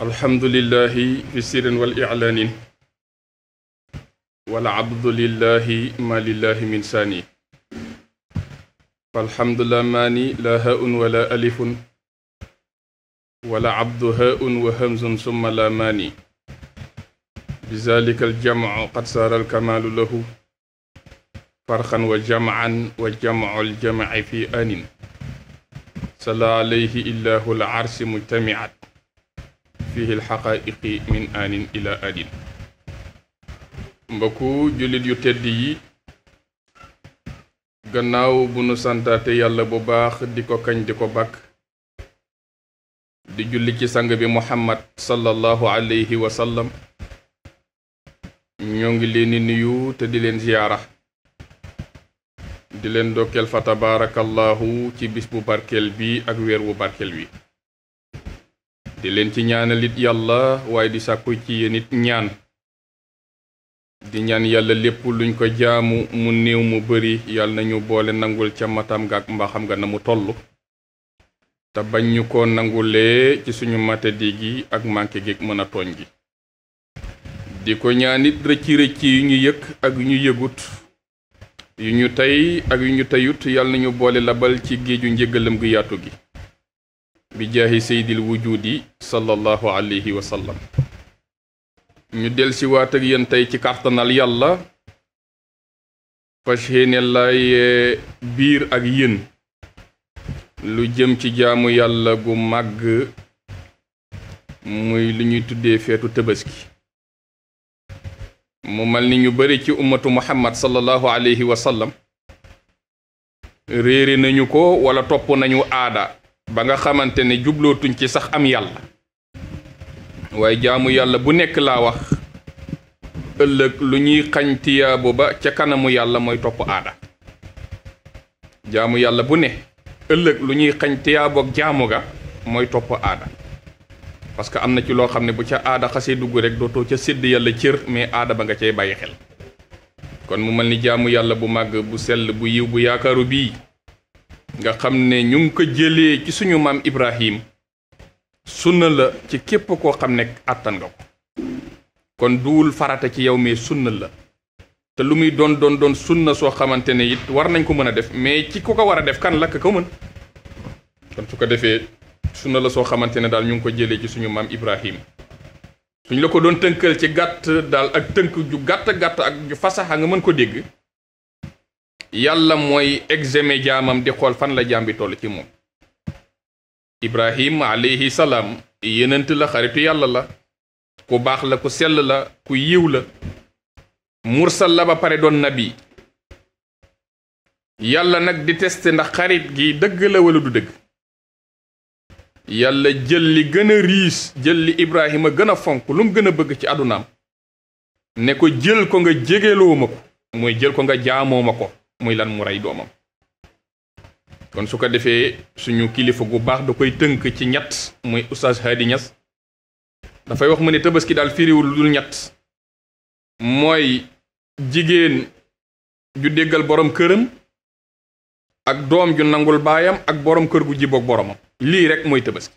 alhamdulillahi fi sirin wal ilaanin wala abdulillahi ma lillahi min saani falhamdulillah maani la haun wala alifun wala abdu haun wa hamzun summa la maani bizalika aljamcu qad saara alkamaalu lahu farxan wa jamcan wa jamcu aljamci fi anin sala alayhi illahu alarsi mujtamicat fihi mbokku jullit yu tedd yi gannaaw bu nu santaate yàlla bu baax di ko kañ di ko bàkk di julli ci sang bi muhammad sallallahu alayhi wa ñoo ngi leen di nuyu te di leen ziyaara di leen dokkeel fa tabaarakallaahu ci bis bu barkeel bi ak weer wu barkeel wi di leen ci ñaanalit yàlla waaye di sàkku ci yéen it ñaan di ñaan yàlla lépp luñ ko jaamu mu néew mu bari yàlla nañu boole nangul ca matam nga ak mbaaxam nga na mu toll te bañ ñu ko nangulee ci suñu matadi gi ak manqué gi mën a tooñ gi di ko ñaanit rëcci rëcci yu ñu yëg ak yu ñu yëgut yu ñu tey ak yu ñu teyut yàlla nañu boole labal ci géeju njëgalam gu yaatu gi bi jaahi seydil wujudi sallallahu alayhi wa sallam ñu del si waat ak yéen tey ci kàttanal yàlla fa yéene lay eh, biir ak yéen lu jëm ci jaamu yàlla gu màgg muy lu ñuy tuddee feetu tabaski mu mel ni ñu bari ci ummatu muhammad sallallahu alayhi wa sallam nañu ko wala topp nañu aada ba nga xamante ne jublootuñ ci sax am yàlla waaye jaamu yàlla bu nekk laa wax ëllëg lu ñuy xañ tiyaabu ba ca kanamu yàlla mooy topp aada jaamu yàlla bu ne ëllëg lu ñuy xañ tiyaabu ak jaamu ga mooy topp aada parce que am na ci loo xam ne bu ca aada xasee dugg rek dootoo ca sédd yàlla cër mais aada ba nga cay bàyyi xel kon mu mel jaamu yàlla bu màgg bu sell bu yiw bu yaakaaru bii nga xam ne ñu ngi ko jëlee ci suñu maam Ibrahim sunna la ci képp koo xam ne àttan nga ko kon duwul farata ci yow mais sunna la te lu muy doon doon doon sunna soo xamante ne it war nañ ko mën a def mais ci ku ko war a def kan lakk ko mën kon su ko defee sunna la soo xamante ne daal ñu ngi ko jëlee ci suñu maam Ibrahim suñ la ko doon tënkal ci gàtt daal ak tënk ju gàtt gàtt ak ju fasaxa nga mën ko dégg yàlla mooy examen jaamam di xool fan la jaam bi ci moom ibrahim alayhi salaam yenent la xaritu yàlla la ku baax la ku sell la ku yiw la mursal la ba pare doon nabi yàlla nag di teste ndax xarit gi dëgg la wala du dëgg yàlla jël li gën riis jël li ibrahima gën a fonk lum mu gën a bëgg ci àddunaam ne ko jël ko nga jégeloo ko mooy jël ko nga jaamoo ma ko muy lan mu rey doomam kon su ko defee suñu kilifa gu baax da koy tënk ci ñett muy oustaz Hadi dafay wax ma ne tabaski daal firiwul lu dul ñett mooy jigéen ju déggal boroom këram ak doom ju nangul baayam ak boroom kër gu jibook boromam lii rek mooy tabaski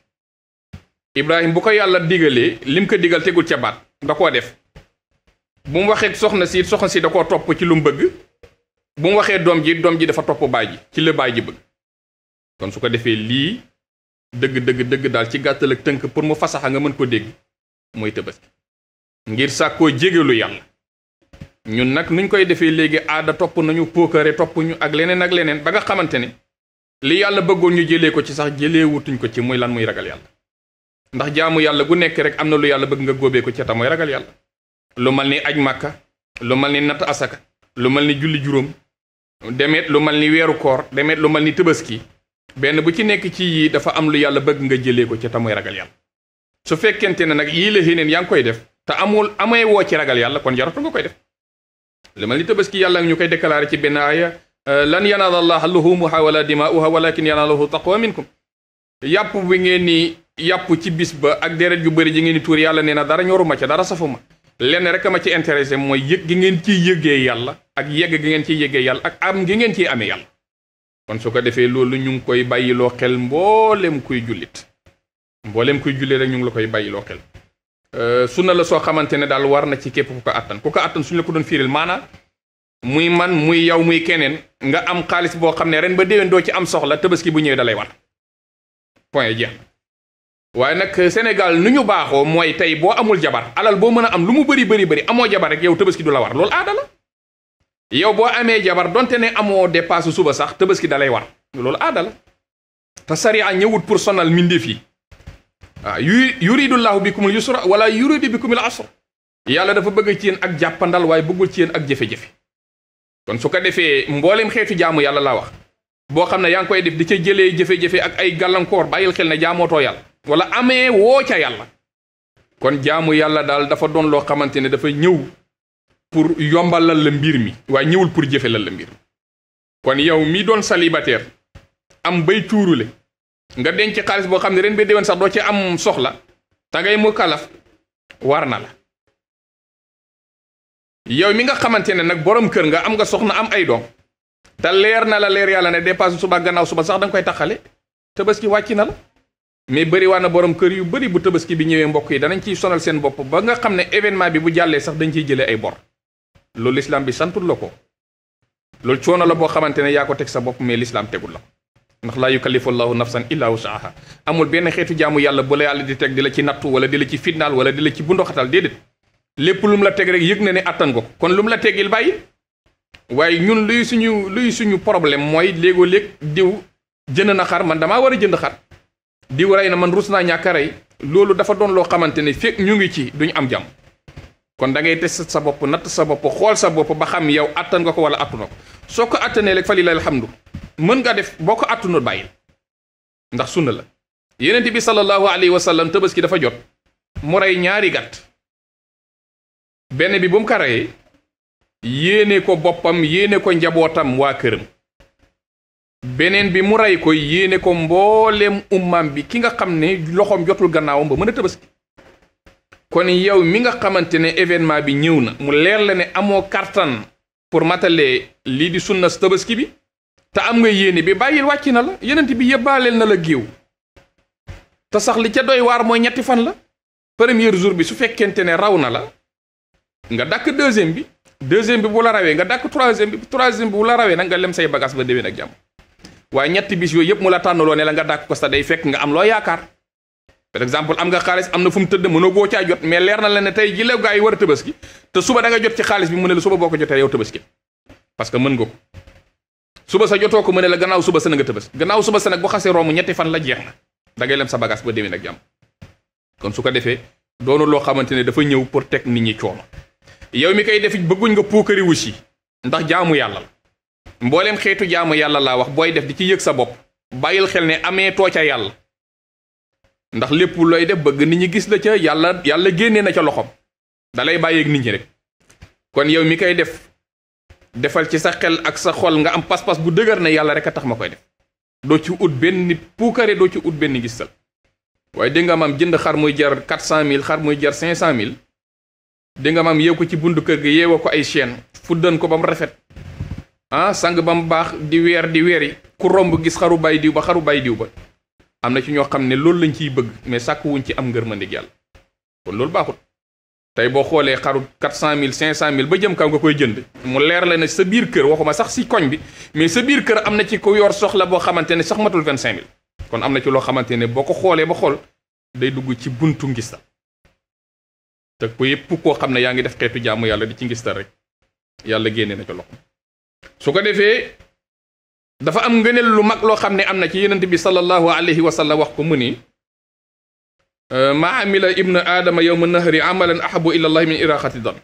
Ibrahim bu ko yàlla digalee lim ko diggal tegul ca baat da koo def bu mu waxee soxna si soxna si da ko topp ci lu mu bëgg bu mu waxee doom ji doom ji dafa topp baay ji ci la baay ji bëgg kon su ko defee lii dëgg dëgg dëgg daal ci gàttal ak tënk pour mu fasaxa nga mën ko dégg mooy tabaski ngir sàkkoo jége lu yàlla ñun nag nuñ koy defee léegi aada topp nañu pookare topp ñu ak leneen ak leneen ba nga xamante ne li yàlla bëggoon ñu jëlee ko ci sax jëlee wutuñ ko ci muy lan muy ragal yàlla ndax jaamu yàlla gu nekk rek am na lu yàlla bëgg nga góobee ko ci ta mooy ragal yàlla lu mel ni aj màkka lu mel ni natt asaka lu mel ni julli juróom demet lu mel ni weeru koor demet lu mel ni tëbaski benn bu ci nekk ci yii dafa am lu yàlla bëgg nga jëlee ko ca te muy ragal yàlla su fekkente ne nag yii la yeneen yaa ngi koy def te amul amee woo ci ragal yàlla kon jaratu nga koy def lu mel ni tëbaski yàlla ñu koy déclaré ci benn aaya euh, lan yanaala allaha luhumuha wala dimaa'uha walakin yanaaluhu taqwa minkum yàpp bi ngeen ni yàpp ci bis ba ak deret ju bëri ji ngeen ni tuur yàlla nee na dara ñoruma ca dara safuma lenn rek ma ci intéressé mooy yëg gi ngeen ciy yëgee yàlla ak yegg gi ngeen ciy yëgee yàlla ak am gi ngeen ciy amee yàlla kon su ko defee loolu ñu ngi koy bàyyiloo xel mboolem kuy jullit mboolem kuy jullit rek ñu ngi la koy bàyyiloo xel euh, sunna la soo xamante ne daal war na ci képp ku ko attan ku ko attan suñu la ko doon fiiril maana muy man muy yow muy keneen nga am xaalis boo xam ne ren ba déwén doo ci am soxla tabaski bu ñëwee dalay war waaye nag senegal nu ñu baaxoo mooy tey boo amul jabar alal boo mën a am lu mu bari bari bari amoo jabar rek yow tabaski du la war loolu aadala la yow boo amee jabar donte ne amoo dépasse suba sax tabaski dalay war loolu aada la te sariya ñëwut pour sonal mbindeef yi waaw yu yuridu llahu bikumul yusra wala yuridu bikumul asr yàlla dafa bëgg ci yéen ak jàppandal waaye bëggul ci yéen ak jafe-jafe kon su ko defee mbooleem xeetu jaamu yàlla laa wax boo xam ne yaa ngi koy def di ca jëlee jafe ak ay gàllankoor bàyyil xel ne jaamootoo yàlla wala amee woo ca yàlla kon jaamu yàlla daal dafa doon loo xamante ne dafa ñëw pour yombalal la mbir mi waaye ñëwul pour jëfe lalla mbir mi kon yow mi doon célibataire am bay cuurule nga denc xaalis boo xam ne ren bi déwén sax doo ci am soxla te ngay mu kalaf war na la yow mi nga xamante ne nag borom kër nga am nga soxna am ay doom te leer na la leer yàlla ne dépasse suba gannaaw suba sax danga koy taxale te bés ki wàcc na la mais bëri waa na borom kër yu bëri bu tabaski bi ñëwee mbokk yi danañ ciy sonal seen bopp ba nga xam ne événement bi bu jàllee sax dañ ciy jëlee ay bor loolu lislaam bi santul la ko loolu coono la boo xamante ne yaa ko teg sa bopp mais lislaam tegul la ko ndax laa yukallifu llahu nafsan illa wusaaha amul benn xeetu jaamu yàlla bu la yàlla di teg di la ci nattu wala di la ci fitnaal wala di la ci bundoxatal déedéet lépp lu la teg rek yëg na ne attan nga kon lu la tegil bàyyi ñun luy suñu luy suñu problème mooy léegoo léeg diw jënd na xar man damaa war a jënd xar diw rey na man rus naa ñàkk a loolu dafa doon loo xamante ne fekk ñu ngi ci duñ am jàmm kon da ngay test sa bopp natt sa bopp xool sa bopp ba xam yow attan nga ko wala attuna ko soo ko attanee rek fa lillahi alhamdu mën nga def boo ko attuna bàyyil ndax sunna la yeneen bi sallallahu alayhi wa sallam tabaski dafa jot mu rey ñaari gàtt benn bi bu mu ko reyee yéene ko boppam yéene ko njabootam waa këram beneen bi mu rey ko yéene ko mbooleem ummaam bi ki nga xam ne loxoom jotul gannaawam ba mën a tabaski kon yow mi nga xamante ne événement bi ñëw na mu leer la ne amoo kartan pour matale lii di sunna tabaski bi te am nga yéene bi bàyyil wàcc na la yenent bi yëbbaaleel na la géew te sax li ca doy waar mooy ñetti fan la premier jour bi su fekkente ne raw na la nga dàkk deuxième bi deuxième bi bu la rawee nga dàkk troisième bi troisième bi bu la rawee nag nga lem say bagage ba déwén ak jàmm waaye ñetti bis yooyu yëpp mu la tànnaloo ne la nga dàkk ko sa day fekk nga am loo yaakaar par exemple am nga xaalis am na fu mu tëdd mënoo goo caa jot mais leer na la ne tey ji la gaa yi war a tabaski te suba da nga jot ci xaalis bi mu ne la suba boo ko jotee yow tabaski parce que mën nga ko suba sa jotoo ko mu ne la gannaaw suba sa na nga tabaski gannaaw suba sa nag bu xasee romb ñetti fan la jeex na da ngay sa bagage ba déwén ak jàmm kon su ko defee doonu loo xamante ne dafa ñëw pour teg nit ñi coono yow mi koy def bëgguñ nga puukariwu si ndax jaamu yàlla mbooleem xeetu jaamu yàlla laa wax booy def di ci yëg sa bopp bàyyil xel ne amee too ca yàlla ndax lépp looy def bëgg nit ñi gis la ca yàlla yàlla génnee na ca loxoom dalay bàyyeek nit ñi rek kon yow mi kay def defal ci sa xel ak sa xol nga am paspas bu dëgër ne yàlla rek a tax ma koy def doo ci ut benn nit puukare doo ci ut benn gisal waaye di nga mam jënd xar muy jar quatre cent mille xar muy jar cinq cent mille di nga mam yeew ko ci bundu kër gi yeewa ko ay chaîne fuddan ko ba mu rafet ah sang ba mu baax di weer di weeri ku romb gis xaru bay diw ba xaru bay diw ba am na ci ñoo xam ne loolu lañ ciy bëgg mais sàkk wuñ ci am ngër ngërmandik yàlla kon loolu baaxut tey boo xoolee xaru 400000 500000 ba jëm kaw nga koy jënd mu leer la sa biir kër waxuma sax si koñ bi mais sa biir kër am na ci ku yor soxla boo xamante ne sax matul 25000 kon am na ci loo xamante ne boo ko xoolee ba xool day dugg ci buntu ngista te ko yëpp koo xam ne yaa ngi def xeetu jàmm yàlla di ci ngistal rek yàlla génne na ca loxo su ko defee dafa am ngëneel lu mag loo xam ne am na ci yenent bi sallallahu alayhi wa wax ko mu ni euh, ma amila ibnu aadama yowma nahri amalan ahabu ilallahi min iraqati don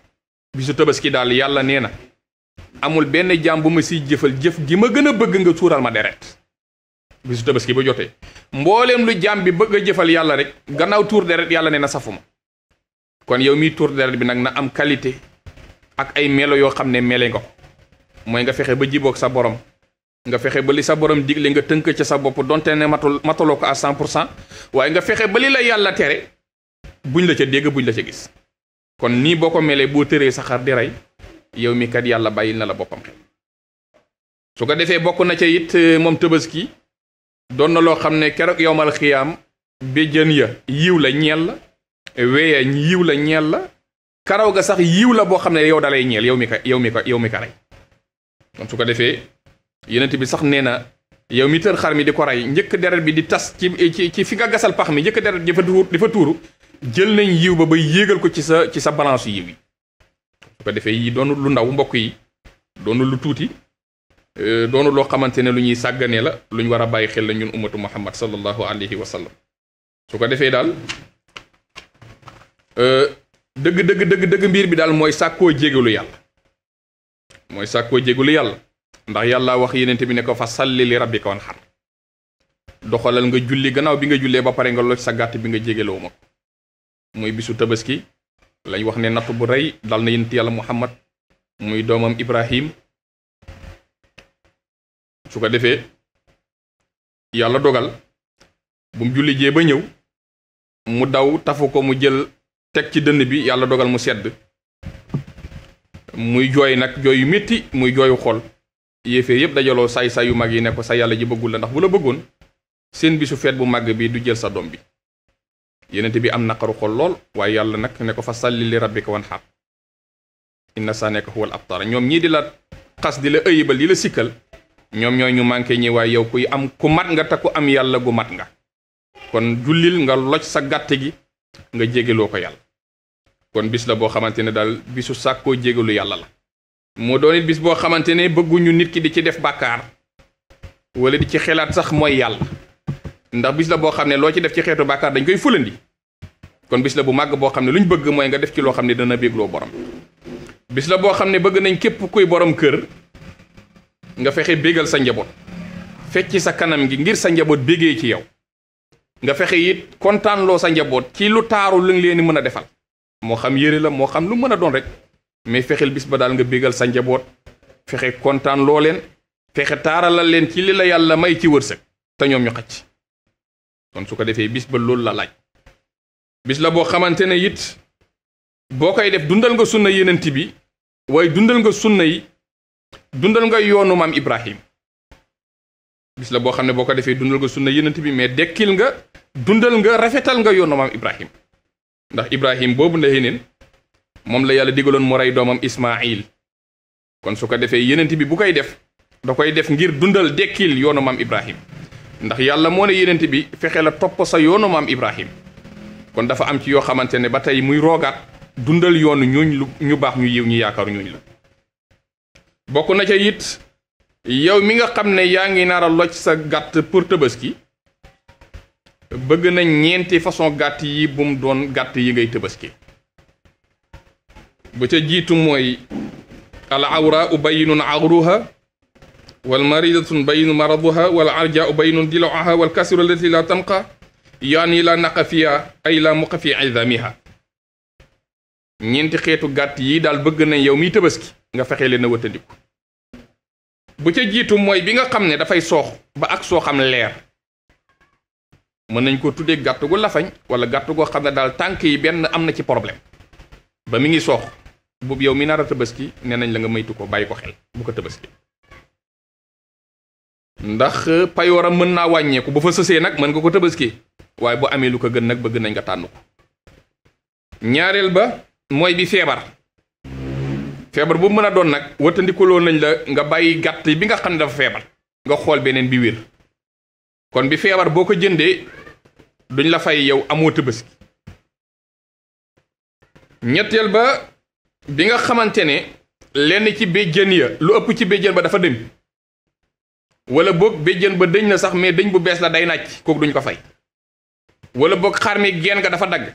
bisu tabaski daal yàlla nee na amul benn jaam bu ma jëfal jëf gi ma gën a bëgg nga tuural ma deret bisu tabaski ba jotee mbooleem lu jaam bi bëgg jëfal yàlla rek gannaaw tuur deret yàlla nee na safuma kon yow mi tuur deret bi nag na am qualité ak ay melo yoo xam ne mele nga mooy nga fexe ba jiboog sa borom nga fexe ba li sa borom digle nga tënk ca sa bopp donte ne matul mataloo ko à cent pour cent waaye nga fexe ba li la yàlla tere buñ la ca dégg buñ la ca gis kon nii boo ko melee boo tëree sa xar di rey yow mi kat yàlla bàyyil na la boppam xel su ko defee bokk na ca it euh, moom tëbaski doon na loo xam ne keroog yowmal xiyaam bi jën ya yiw la ñeel la weya yiw la ñeel la karaw ga sax yiw la boo xam ne yow dalay ñeel yow mi yow mi ka yow mi kon su ko defee yenent bi sax nee na yow mi tër xar mi di ko rey njëkk deret bi di tas ci ci ci fi nga gasal pax mi njëkk deret di fa tuur di fa tuuru jël nañ yiw ba bay yéegal ko ci sa ci sa balance yiw yi su ko defee yi doonul lu ndaw mbokk yi doonul lu tuuti euh, doonu loo xamante ne lu ñuy sàgganee la lu ñu war a bàyyi xel la ñun ummatu muhammad sallallahu alayhi wa sallam su ko defee daal euh, dëgg dëgg dëgg dëgg mbir bi daal mooy sàkkoo jégalu yàlla mooy sàkkoo jégulu yàlla ndax yàlla wax yenente bi ne ko fa salli li rabbika xar doxalal nga julli gannaaw bi nga jullee ba pare nga loj sa gàtt bi nga jégaloo ma muy bisu tabaski lañ wax ne natt bu rey dal na yent yàlla muhammad muy doomam ibrahim su ko defee yàlla dogal bu mu julli jee ba ñëw mu daw tafu ko mu jël teg ci dënn bi yàlla dogal mu sedd muy jooy nag jooy yu métti muy jooyu xol yéefee yëpp dajaloo saay-saay yu mag yi ne ko sa yàlla ji bëggul la ndax bu la bëggoon seen bisu feet bu màgg bi du jël sa doom bi yenente bi am naqaru xol lool waaye yàlla nag ne ko fa salli li rabbika wan xaq inna saaneka huwal abtar ñoom ñii di la xas di la ëyibal di la sikkal ñoom ñooy ñu manqué ñi waaye yow kuy am ku mat nga te ku am yàlla gu mat nga kon jullil nga loj sa gàtt gi nga jégeloo ko yàlla kon bis la boo xamante ne daal bisu sàkkoo jégalu yàlla la moo doon it bis boo xamante ne bëgguñu nit ki di ci def bàkkaar wala di ci xelaat sax mooy yàlla ndax bis la boo xam ne loo ci def ci xeetu bàkkaar dañ koy fulandi kon bis la bu màgg boo xam ne lu bëgg mooy nga def ci loo xam ne dana bégloo borom bis la boo xam ne bëgg nañ képp kuy borom kër nga fexe bégal sa njaboot fecc sa kanam gi ngir sa njaboot bégee ci yow nga fexe it kontaanloo sa njaboot ci lu taaru lu ngi leen mën a defal moo xam yére la moo xam lu mën a doon rek mais fexeel bis ba daal nga bégal sa njaboot fexe kontaan loo leen fexe taaralal leen ci li la yàlla may ci wërsëg te ñoom ñu xacc kon su ko defee bis ba loolu la laaj bis la boo xamante ne it boo koy def dundal nga sunna yeneent bi waaye dundal nga sunna yi dundal nga yoonu maam Ibrahim bis la boo xam ne boo ko defee dundal nga sunna yenent bi mais dekkil nga dundal nga rafetal nga yoonu maam Ibrahim ndax ibrahim boobu ndeyéneen moom la yàlla digaloon mu rey doomam ismail kon su ko defee yenent bi bu koy def da koy def ngir dundal dekkil yoonu maam ibrahim ndax yàlla moo ne yenent bi fexe la topp sa yoonu maam ibrahim kon dafa am ci yoo xamante ne ba tey muy roogaat dundal yoonu ñuñ lu ñu baax ñu yiw ñu yaakaaru ñuñ la bokk na mi nga xam ne yaa ngi nar a sa gàtt pour tabaski bëgg nañ ñeenti façon gàtt yi bu mu doon gàtt yi ngay tëbaski bu ca jiitu mooy al awra u bayyinun awruha wal maridatun bayyinu maraduha wal arja u bayyinun dilaaha wal kasiru allati la tanqa yaani la naqa fiya ay la muqa fi idamiha ñeenti xeetu gàtt yi daal bëgg nañ yow miy tëbaski nga fexe leen a bu ca jiitu mooy bi nga xam ne dafay soox ba ak soo xam leer mën nañ ko tuddee gàtt gu lafañ wala gàtt goo xam ne daal tànk yi benn am na ci problème ba mu ngi soox boobu yow mi nar a tabaski nee nañ la nga maytu ko bàyyi ko xel bu ko tabaski ndax payooram mën naa wàññeeku ba fa sësee nag mën nga ko tabaski waaye bu amee lu ko gën nag bëgg nañ nga tànn ko ñaareel ba mooy bi feebar feebar bu mën a doon nag wëttandikuloo nañ la nga bàyyi gàtt bi nga xam ne dafa feebar nga xool beneen bi wér kon bi feebar boo ko jëndee duñ la fay yow amoo tabaski ñetteel ba bi nga xamante ne lenn ci béjjën ya lu ëpp ci béjjën ba dafa dëñ wala boog béjjën ba dëñ na sax mais dëñ bu bees la day nàcc kooku duñ ko fay wala boog xar mi geen ga dafa dagg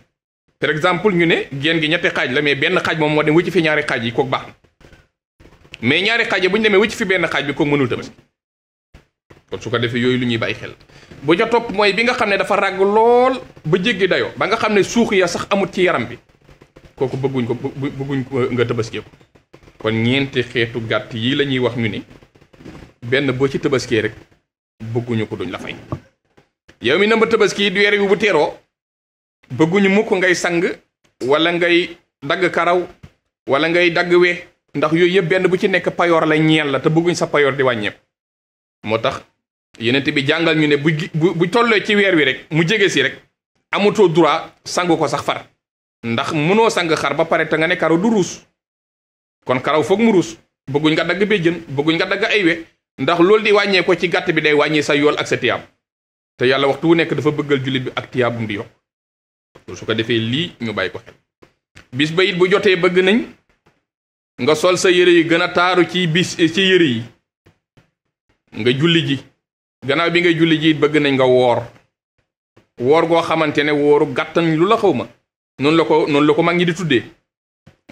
par exemple ñu ne geen gi ñetti xaaj la mais benn xaaj moom moo dem wucc fi ñaari xaaj yi kooku baax na mais ñaari xaaj yi bu demee wucc fi benn xaaj bi kooku mënul tabaski kon su ko defee yooyu lu ñuy bay xel bu ca topp mooy bi nga xam ne dafa ràgg lool ba jéggi dayoo ba nga xam ne suux ya sax amut ci yaram bi kooku bëgguñ ko bëgguñ ko nga tëbaskeeku kon ñeenti xeetu gàtt yii la ñuy wax ñu ni benn boo ci tëbaskee rek bëgguñu ko duñ la fay yow mi namba tëbaski du yere bi bu teeroo bëgguñu mukk ngay sang walla ngay dagg karaw wala ngay dagg we ndax yooyu yëpp benn bu ci nekk payoor la ñeen la te bëgguñ sa payoor di wàññeeku tax yenent bi jàngal ñu ne bu bu tollee ci weer wi rek mu jege si rek amatoo droit sang ko sax far ndax mënoo sang xar ba pare te nga ne karaw du ruus kon karaw foog mu ruus bëgguñ nga dagg béjjën bëgguñ nga dagg ay we ndax loolu di wàññee ko ci gàtt bi day wàññi sa yool ak sa tiyaab te yàlla waxtu wu nekk dafa bëggal jullit bi ak tiyaabum di yokk su ko defee lii ñu bàyyi ko xel bis ba it bu jotee bëgg nañ nga sol sa yére yi gën a taaru ci bis yére yi nga julli ji gannaaw bi ngay julli ji bëgg nañ nga woor woor goo xamante ne wooru gàttan lu la xaw ma noonu la ko noonu la ko mag ñi di tuddee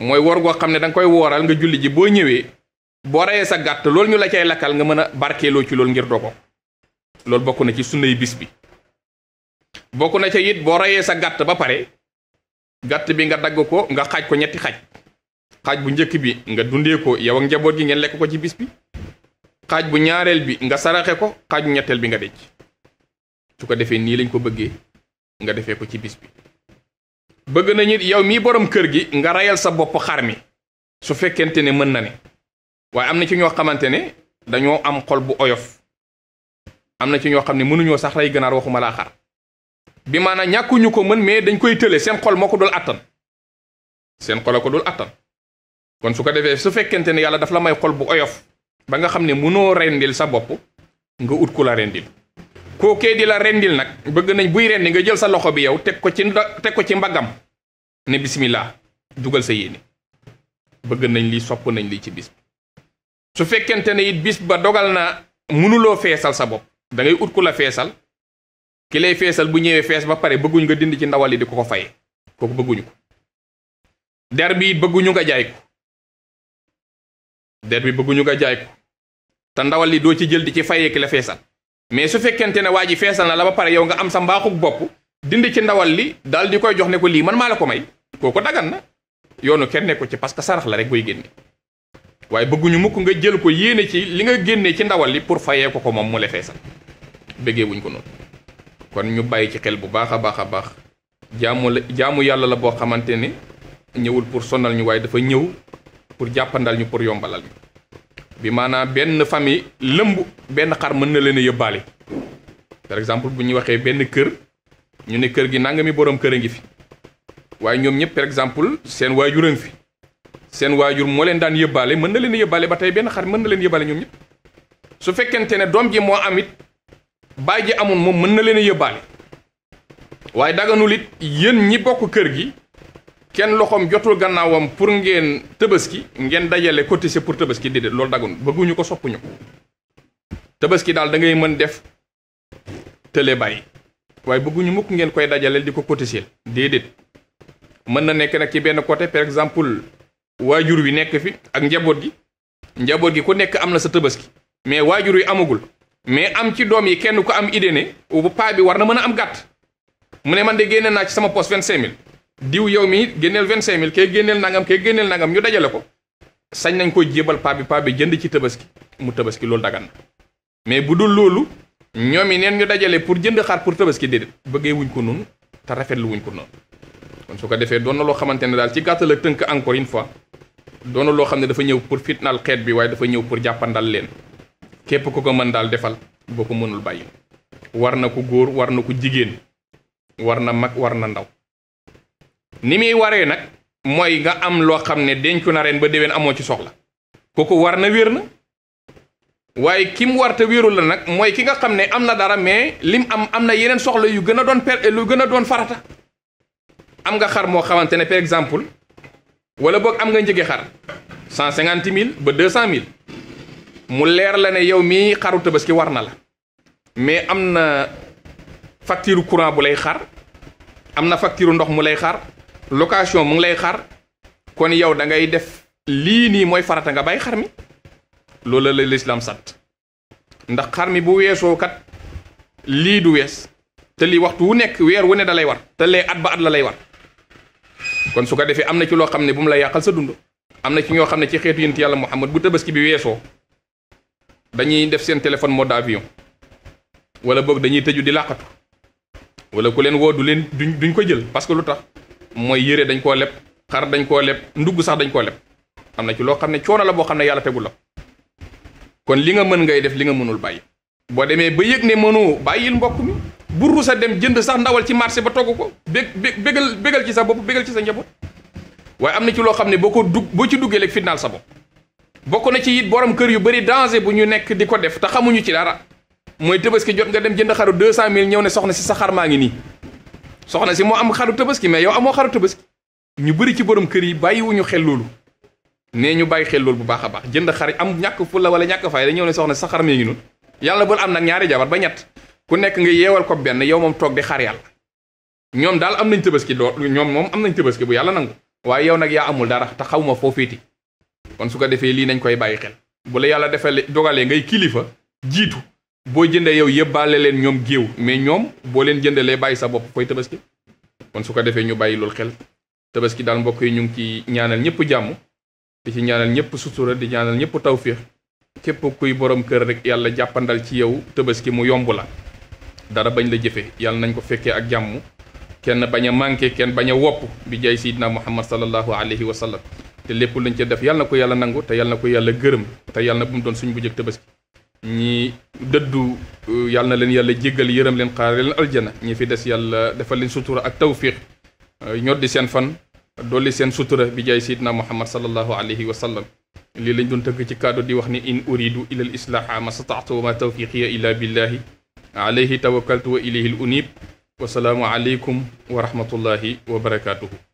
mooy woor goo xam ne danga koy wooral nga julli ji boo ñëwee boo reyee sa gàtt loolu ñu la cay lakkal nga mën a barkeeloo ci loolu ngir doo ko loolu bokk na ci sunnay bis bi bokk na ca it boo reyee sa gàtt ba pare gàtt bi nga dagg ko nga xaaj ko ñetti xaaj xaaj bu njëkk bi nga dundee ko yow ak njaboot gi ngeen lekk ko ci bis bi xaaj bu ñaareel bi nga saraxe ko xaaj bu ñetteel bi nga denc su ko defee nii lañ ko bëggee nga defee ko ci bis bi bëgg nañu yow mii boroom kër gi nga rayal sa bopp xar mi su fekkente ne mën na ne waaye am na ci ñoo xamante ne dañoo am xol bu oyof am na ci ñoo xam ne mënuñoo sax rey ganaar waxuma laa xar bi maanaam ñàkkuñu ko mën mais dañ koy tële seen xol moo ko dul attan seen xol ko dul attan kon su ko defee su fekkente ne yàlla daf la may xol bu oyof ba nga xam ne mënoo rendil sa bopp nga ut ku la rendil kookee di la rendil nag bëgg nañ buy rendi nga jël sa loxo bi yow teg ko ci teg ko ci mbaggam ne bismillah dugal sa yéene bëgg nañ li sopp nañ li ci bis su fekkente ne it bis ba dogal na mënuloo feesal sa bopp da ngay ut ku la feesal ki lay feesal bu ñëwee fees ba pare bëgguñ nga dind ci ndawal yi di ko ko fayee kooku bëgguñu ko der bi bëgguñu nga jaay ko der bi bëgguñu nga jaay ko te ndawal li doo ci jël di ci fayee la feesal mais su fekkente ne waa ji feesal na la ba pare yow nga am sa mbaaxug bopp dind ci ndawal li daal di koy jox ne ko lii man maa la ko may kooku dagan na yoonu kenn ne ko ci parce que sarax la rek booy génne waaye bëgguñu mukk nga jël ko yéene ci li nga génnee ci ndawal li pour fayee ko ko moom mu la bëggee wuñ ko noonu kon ñu bàyyi ci xel bu baax a baax a baax jaamu la jaamu yàlla la boo xamante ne ñëwul pour sonal ñu waaye dafa ñëw pour jàppandal ñu pour yombalal bi maanaam benn famille lëmb benn xar mën na leen a yóbbaale par exemple bu ñu waxee benn kër ñu ne kër gi nangami boroom kër a ngi fi waaye ñoom ñëpp par exemple seen waajur a ngi fi seen waajur moo leen daan yóbbaale mën na leen a ba tey benn xar mën na leen yóbbaale ñoom ñëpp su fekkente ne doom ji moo amit it baay ji amoon moom mën na leen a waaye daganul it yéen ñi bokk kër gi kenn loxoom jotul gannaawam pour ngeen tëbaski ngeen dajale cotiser pour tëbaski déedéet loolu dagun bëgguñu ko soppuñu ko tëbaski daal da ngay mën def tële bàyyi waaye bëgguñu mukk ngeen koy dajaleel di ko cotiser déedéet mën na nekk na ci benn côté par exemple waajur wi nekk fi ak njaboot gi njaboot gi ku nekk am na sa tëbaski mais waajur wi amagul mais am ci doom yi kenn ku am idée ne bu paa bi war na mën a am gàtt mu ne man de génne naa ci sama poste vingt-cinq diw yow mi génneel vingt cinq mille kay génneel nangam kay génneel nangam ñu dajale ko sañ nañ ko jébal paa bi paa bi jënd ci tabaski mu tabaski loolu dagan na mais bu dul loolu ñoom yi neen ñu dajale pour jënd xar pour tabaski déedéet bëggee wuñ ko noonu te rafetlu wuñ ko noonu kon su ko defee doon na loo xamante ne daal ci gàttal tënk encore une fois doon loo xam ne dafa ñëw pour fitnaal xeet bi waaye dafa ñëw pour jàppandal leen képp ku ko mën daal defal boo ko mënul bàyyi war na ko góor war na ko jigéen war na mag war na ndaw ni muy waree nag mooy nga am loo xam ne dencu na reen ba déwén amoo ci soxla kooku war na wéer na waaye ki mu war te wéeru la nag mooy ki nga xam ne am na dara mais lim am am na yeneen soxla yu gën a doon per lu gën a doon farata am nga xar moo xamante ne par exemple wala boog am nga njege xar cent cinquante mille ba deux cent mille mu leer la ne yow mii xaru tabaski war na la mais am na facture courant bu lay xar am na facture ndox mu lay xar location mu ngi lay xaar kon yow da ngay def lii nii mooy farata nga bay xar mi loolu la lislaam sat ndax xar mi bu weesoo kat lii du wees te li waxtu wu nekk weer wu ne dalay war te lee at ba at la lay war kon su ko defee am na ci loo xam ne bu mu la yàqal sa dund am na ci ñoo xam ne ci xeetu yent yàlla Muhammad bu tabaski bi weesoo dañuy def seen téléphone mode avion wala boog dañuy tëju di làqatu wala ku leen woo du leen duñ duñ ko jël parce mooy yére dañ koo leb xar dañ koo leb ndugg sax dañ koo leb am na ci loo xam ne coono la boo xam ne yàlla tegul la kon li nga mën ngay def li nga mënul bàyyi boo demee ba yëg ne mënoo bàyyil mbokk mi buru sa dem jënd sax ndawal ci marché ba togg ko bég bégal bégal ci sa bopp bégal ci sa njaboot waaye am na ci loo xam ne boo ko dugg boo ci duggee rek fitnaal sa bopp bokk na ci it borom kër yu bari danger bu ñu nekk di ko def te xamuñu ci dara mooy tabaski jot nga dem jënd xaru 200000 ñëw ne soxna si sa maa ngi nii soxna si moo am xaru tabaski mais yow amoo xaru tabaski ñu bëri ci borom kër yi bàyyiwuñu xel loolu nee ñu bàyyi xel loolu bu baax a baax jënd xar am ñàkk fulla wala ñàkk fay da ñëw ne soxna si sa xar mee ngi noonu yàlla bul am nag ñaari jabar ba ñett ku nekk nga yeewal ko benn yow moom toog di xar yàlla ñoom daal am nañ tabaski doo ñoom moom am nañ tabaski bu yàlla nangu waaye yow nag yaa amul dara te xaw ma foo féeti kon su ko defee lii nañ koy bàyyi xel bu yàlla defee dogalee ngay kilifa jiitu boo jëndee yow bale leen ñoom géew mais ñoom boo leen jëndalee bàyyi sa bopp koy tabaski kon su ko defee ñu bàyyi loolu xel tabaski daal mbokk yi ñu ngi ci ñaanal ñëpp jàmm di ci ñaanal ñëpp sutura di ñaanal ñëpp tawféex képp kuy boroom kër rek yàlla jàppandal ci yow tabaski mu yomb la dara bañ la jëfee yàlla nañ ko fekkee ak jàmm kenn bañ a manqué kenn bañ a wopp bi jaay sayyidina muhammad sallallahu alayhi wa sallam te lépp luñ ci def yàlla na ko yàlla nangu te yàlla ko yàlla gërëm te yàlla bu mu doon suñ bu jëkk tabaski ñi dëddu euh, yàlla na leen yàlla jéggal yërëm leen xaar leen aljana ñi fi des yàlla defal leen sutura ak tawfiq euh, ñoddi seen fan dolli seen sutura bi jaay sayidna muhammad sallallahu alayhi wa sallam lii lañ doon tëgg ci kàddu di wax ni in uridu ila al islaaha ma stataatu wa ma tawfiqiya illa billahi alayhi tawakkaltu wa ilayhi al unib wa salaamu alaykum wa rahmatullahi wa barakatuhu